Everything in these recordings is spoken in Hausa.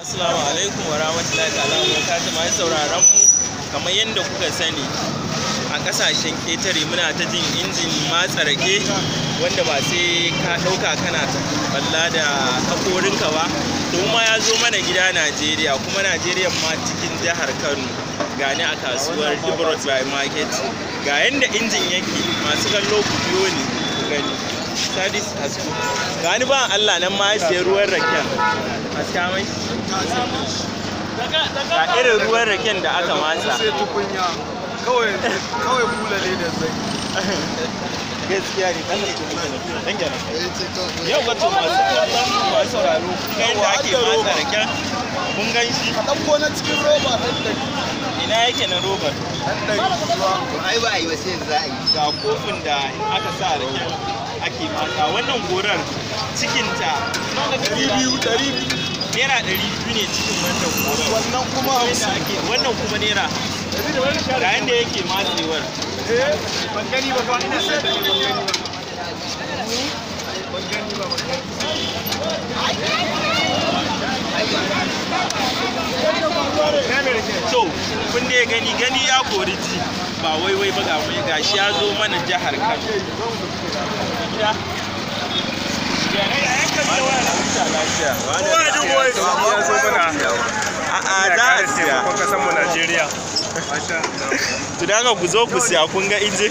Assalamu alaikum wa rahmatullahi ta'ala wa barakatuh mai sauraron mu kamar yadda kuka sani a kasashen ketare muna ta jin injin matsa rake wanda ba sai ka ɗauka kana ta balla da ka ba to ma ya zo mana gida Najeriya kuma Najeriya ma cikin jihar Kano gani a kasuwar Dubrot by Market ga yadda injin yake masu kallo ku biyo ne ku gani Sadis Hasku. Gani ba Allah nan ma ya ruwan raken. Haska mai? Ga irin ruwan raken da aka masa. Sai tukunya. Kawai kawai kula ne da zai. Gaskiya ne kan da dan gyara. Eh, Yau ga tuma su Allah mu masu sauraro kai da ake masa raken. Mun gan shi. Ka dauko na cikin roba dan da ina yake na roba Dan da ai ba ai ba sai yanzu za a yi. Ga kofin da aka sa raken. ake mata wannan gorar cikinta naira ɗari biyu ne cikin wannan gorar wannan kuma wannan kuma naira ga yadda yake matsewar abin da ya gani gani ya kori ji ba wai wai ba ga shi ya zo mana jihar Kano A'a za a siya. kasan mu Najeriya. To da haka ku ku siya kun ga inji.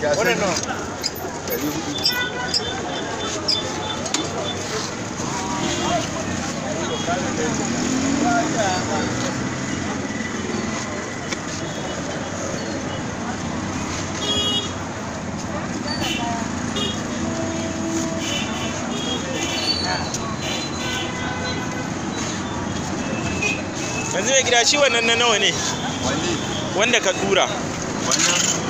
wannan nan yanzu mai gida shi wannan na nawa ne wanda ka tura wannan